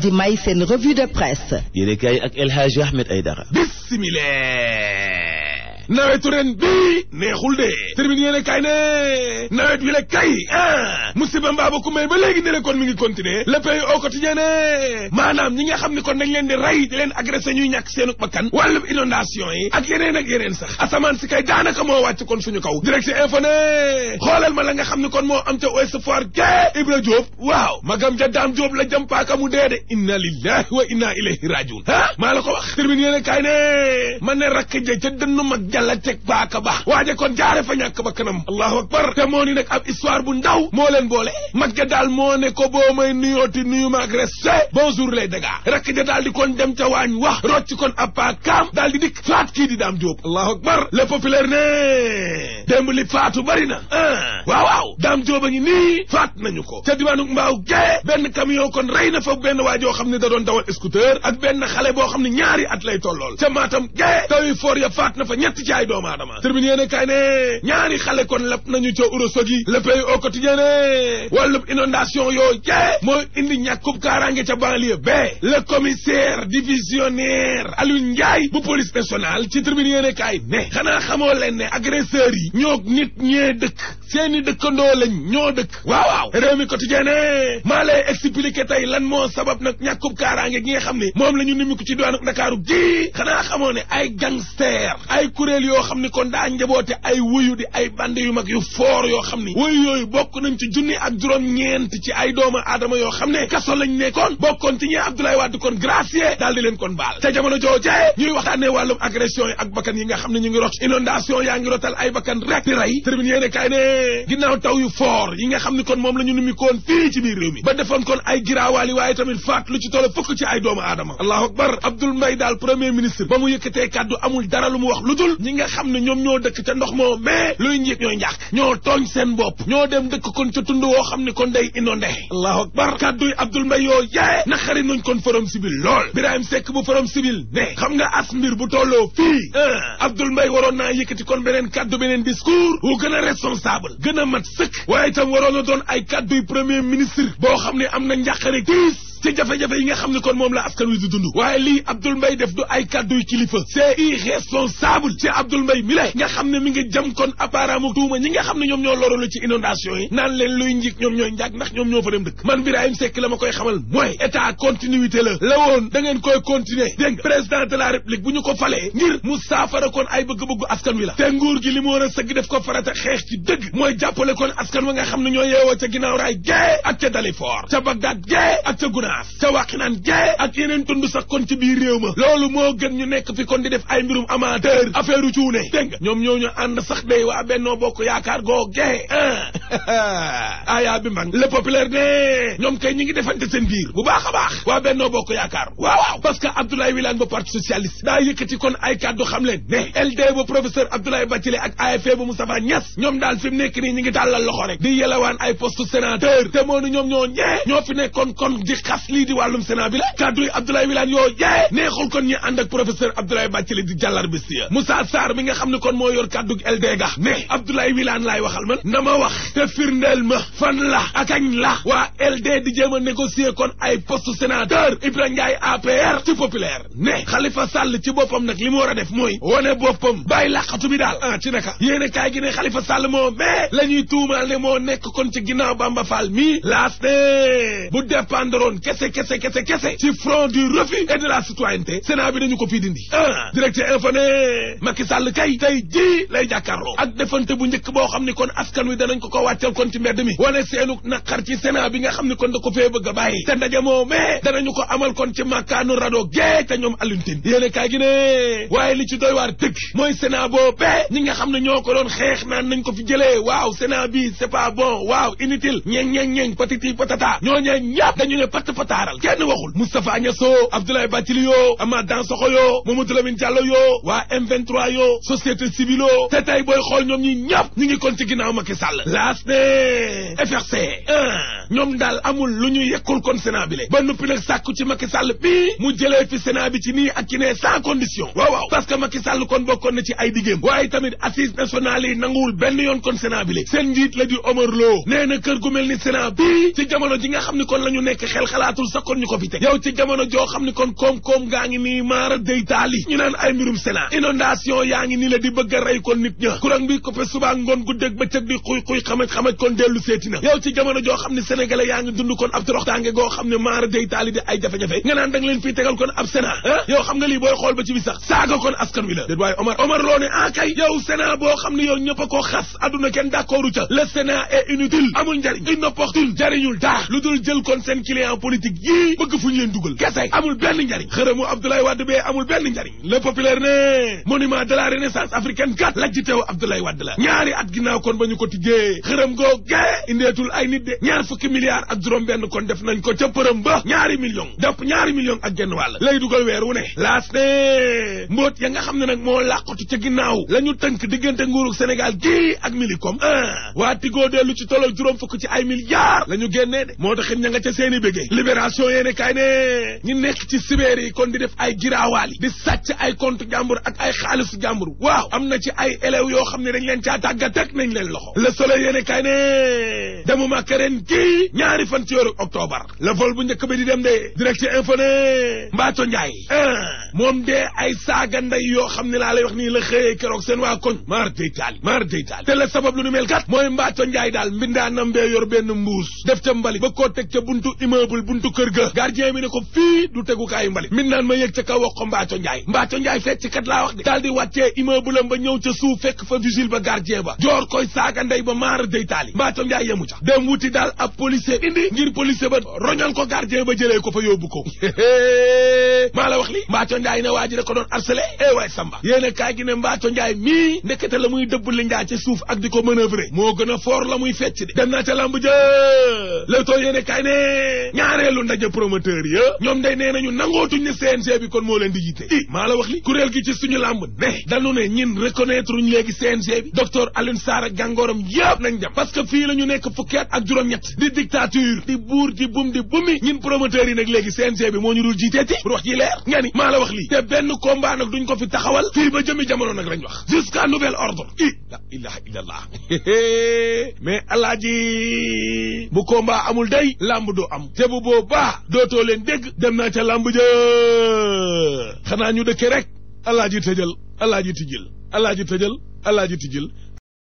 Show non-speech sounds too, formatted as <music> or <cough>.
di may seen revue de presse. yéen ak El Hadji Ahmed Aidara. nawetu ren bii neexul de termine yéene kay ne nawet wi la kay ah musiba mbaaba ku may ba léegi ne kon mi ngi continuer le pays au quotidien maanaam ñi nga xam ne kon dañ leen di rey di leen agressé ñuy ñàkk seenu bakkan wàllu inondation yi ak yeneen ak yeneen sax asamaan si kay daanaka moo wàcc kon suñu kaw direct info ne xoolal ma la nga xam ne kon moo am ca Ouest Foire ke Ibra Diop waaw magam ja daam Diop la jëm paaka mu de inna lillahi wa inna ilayhi rajiun ah maa la ko wax man ne rakk ja ca jalla teg paaka ba waaje kon jaare fa ñàkk ba kanam allahu akbar te moo ni nag ab histoire bu ndaw moo leen boole mag ja daal moo ne ko boo may nuyooti nuyu ma agressé bonjour les dégâts rakk ja daal di kon dem ca waañ wax rocc kon ab paakaam daal di dikk faat kii daam jóob allahu akbar le populaire ne démb li faatu bari waaw waaw daam jóob a ngi nii faat nañu ko ca diwaanu mbaaw gee benn camion kon rey na fa benn waajoo xam ne da doon dawal scooter ak benn xale boo xam ne ñaari at lay tollool ca maatam gee jaay doomu aadama tribune yéen kaay ne ñaari xale kon lap nañu ca urosog yi le pays au quotidien ne wàllub inondation yoo jee mooy indi ñàkkub kaaraange ca banlieue bee le commissaire divisionnaire Alioune Ndiaye bu police nationale ci tribune yéen kaay ne xanaa xamoo leen ne agresseurs yi ñoo nit ñee dëkk seeni dëkkandoo lañ ñoo dëkk waaw waaw réew mi quotidien ne maa lay expliqué tey lan moo sabab nag ñàkkub kaaraange gi nga xam ne moom la ñu nimiku ci diwaanu Ndakaaru gi xanaa xamoo ay gangster kuréel yoo xam ni kon daa njaboote ay wuyu di ay bande yu mag yu foor yoo xam ni wuyu yooyu bokk nañ ci junni ak juróom ñeent ci ay doomu aadama yoo xam ne kaso lañ nekkoon bokkoon ci ñee Abdoulaye Wade kon gracier daal di leen kon baal te jamono joojee ñuy waxtaanee wàllum agression yi ak bakkan yi nga xam ne ñu ngi rot inondation yaa ngi rotal ay bakkan rek di rey tribune yéene kaay ne ginnaaw taw yu foor yi nga xam ni kon moom la ñu numi koon fii li nga xam ne ñoom ñoo dëkk ca ndox moo mais luy njiit ñooy njàq ñoo tooñ seen bopp ñoo dem dëkk kon ca tund woo xam ne kon day inondé allahu akbar kàdduy Abdoul Mbaye yoo yaaye naqari nañ kon forum civil lool Birahim Seck bu forum civil ne xam nga as mbir bu tolloo fii ah. Abdoul mbay waroon naa yëkkati kon beneen kàddu beneen discours wu gën a responsable gën a mat sëkk waaye itam waroon na doon ay kàdduy premier ministre boo xam ne am na njàqare tiis ci jafe-jafe yi nga xam ne kon moom la askan wi di dund waaye lii Abdoul Mbaye def du ay kàdduy kilifa c'est irresponsable ci Abdoul Mbaye mi la nga xam ne mi ngi jëm kon apparemment tuuma ñi nga xam ne ñoom ñoo loroon ci inondation yi naan leen luy njik ñoom ñooy njaag ndax ñoom ñoo fa dem dëkk man Birahim Seck la ma koy xamal mooy état continuité la la woon da koy continuer dégg président de la république bu ñu ko falee ngir mu kon ay bëgg-bëggu askan wi la te gi li mu war a sëgg def ko farata xeex ci dëgg mooy jàppale kon askan xam ne ñoo yeewoo ca ginnaaw raay gee ak ca Dalifort ca Bagdad Gunaas ca Waxinaan Jaay ak yeneen tund sax kon ci biir réew ma loolu moo gën ñu nekk fi kon di def ay mbirum amateur affaire u cuune dégg nga ñoom ñoo ñu ànd sax day waa Bennoo Bokk Yaakaar goo gee ayaa <laughs> ah, bi mbang le populaire ne ñoom kay ñu ngi defante seen biir bu baax a baax waa Bennoo Bokk Yaakaar waaw waaw parce que Abdoulaye Wilane ba parti socialiste daa yëkkati kon ay kàddu xam leen ne LD ba professeur Abdoulaye Bathily ak AFP bu Moustapha Niass ñoom daal fi mu ay poste sénateur te moo ñoom ñoo tas lii di wàllum Sénat bi la kàddu yi Abdoulaye Wilane yoo jee neexul kon ñu ànd ak professeur Abdoulaye Bathily di jàllar bis ya Moussa Sarr nga xam ne kon moo yor kàddu LD ga ne la Wilane laay waxal man na ma wax te firndeel ma fan la akañ la waa LD di jéem a négocier kon ay poste sénateur Ibrahima Ndiaye APR ci populaire ne Khalifa Sall ci boppam nag li mu war a def mooy wane boppam bàyyi laqatu bi daal ah ci naka yéene kaay gi ne Khalifa Sall moo mais la ñuy tuumaal moo nekk kon ci ginnaaw Bamba Fall mii laas ne bu dépendroon kese kese kese kese ci front du refus et de la citoyenneté Sénat bi dañu ko fii dindi ah directeur info ne Macky Sall kay tey jii lay jàkkaarloo ak defante bu njëkk boo xam ni kon askan wi danañ ko ko wàccal kon ci mbedd mi wane seenu naqar ci Sénat bi nga xam ni kon da ko fee bëgg a te ndaje moomee danañu ko amal kon ci màkkaanu rado gee te ñoom alluntin yéene kaay waaye li ci doy waar dëgg mooy Sénat boobee ñi nga xam ne ñoo ko doon xeex naan nañ ko fi jëlee waaw Sénat ñëpp a taaral kenn waxul Moustapha Niasso Abdoulaye Bathily yoo Amath Dansokho yoo Mamadou Lamine Diallo yoo waa M23 yoo société civile yoo te tey booy xool ñoom ñi ñëpp ñu ngi kon ci ginnaaw Macky Sall laas ne FRC ñoom daal amul lu ñu yekkul kon Sénat bi le ba noppi nag sàkku ci Macky sàll bii mu jëlee fi Sénat bi ci nii ak ci nee sans condition waaw waaw parce que Macky Sall kon bokkoon na ci ay diggéem waaye tamit assises nationales yi benn yoon kon Sénat bi le seen jamono ji nga xam ni kon la ñu nekk xel xalaatul sa kon ñu ko fi teg yow ci jamono joo xam ni kon koom-koom gaa ngi nii maara day taali ñu naan ay mbirum sénat inondation yaa ngi nii la di bëgg a rey kon nit ña kurang bi ko fe subaa ngoon gu dég bëccëg di xuy xuy xamaj xamaj kon dellu seeti na ci jamono joo xam ne sénégalais yaa ngi dund kon ab toroxtaange goo xam ne ah booy xool ba ci bi sax saaga kon askan wi la déet waaye Omar loo ne ah kay yow sénat boo xam ne yow ñëpp a koo xas adduna kenn d'accordu ca le sénat est inutile amul politique yii bëgg fu ñu dugal kese amul benn njariñ xërëmu Abdoulaye Wade bee amul benn njariñ le populaire ne monument de la renaissance africaine kat lajji teew Abdoulaye Wade la ñaari at ginnaaw kon ba ñu ko tijjee xërëm goo gee indeetul ay nit de ñaar fukki milliards ak juróom benn kon def nañ ko ca përëm ba ñaari millions jàpp ñaari million ak genn wàll lay dugal weer wu ne laas mboot ya nga xam ne nag moo làqatu ca ginnaaw la ñu tënk diggante nguurug Sénégal gii ak Millicom waa tigoo dellu ci tolloog juróom fukk ci ay milliards la ñu génnee moo taxit ña nga ca seeni bégee libération yéene kay ne ñu nekk ci sibéer yi kon di def ay giraawaal yi di sàcc ay compte jàmbur ak ay xaalisu jàmbur waaw am na ci ay élèves yoo xam ne dañ leen caa tàggat teg nañ leen loxo le soleil yéene kay ne demu ma kereen ñaari fan ci yoru la le vol bu njëkk bi di dem de direct info ne mbaato njaay ah, moom de ay saaga nday yoo xam ne laa lay wax nii la xëyee keroog seen waa koñ maar dey taali maar taali te la sabab lu nu mel kat mooy mbaato njaay daal mbindaanam yor benn mbuus def ca mbali ba koo teg ca buntu immeuble buntu kër ga gardien bi ne ko fii du tegukaayu mbalit min naan ma yëg ca kaw wax ko mbaaco njaay mbaaco njaay fecc kat laa wax de daal di wàccee immeuble am ba ñëw ca suuf fekk fa vigile ba gardien ba joor koy saaga ndey ba a day taali mbaaco njaay yemu ca dem wuti daal ab policier indi ngir policier ba roñal ko gardien ba jëlee ko fa yóbbu ko <laughs> maa la wax li mbaaco njaay ne waa ji ko doon harcelé eh waay samba yéene kaay gi ne mbaaco njaay mii ndekete la muy dëbb li njaa ca suuf ak di ko manœuvrer moo gën a foor la muy ñaareelu ndaje promoteur ya ñoom day nee nañu nangootuñ ne CNG bi kon moo leen di jiite i maa la wax li kuréel gi ci suñu làmb ne dañu ne ñin reconnaître ñu léegi CNG bi docteur Alioune Sarr ak gàngooram yëpp nañ dem parce que fii la ñu nekk fukki at ak juróom-ñett di dictature di buur di bum di bumi ñin promoteurs yi nag léegi CNG bi moo ñu dul jiitee ci pour wax ji leer nga ni maa la wax lii te benn combat nag duñ ko fi taxawal fii ba jëmi jamono nag lañ wax jusqu'à nouvel ordre i la ilaha illallah <laughs> mais alaaji bu combat amul day lamb du am te bu boobaa dootoo leen dégg dem naa ca lamb ja xanaa ñu dëkke rek alaaji tëjal alaaji tijil alaaji tëjal alaaji tijil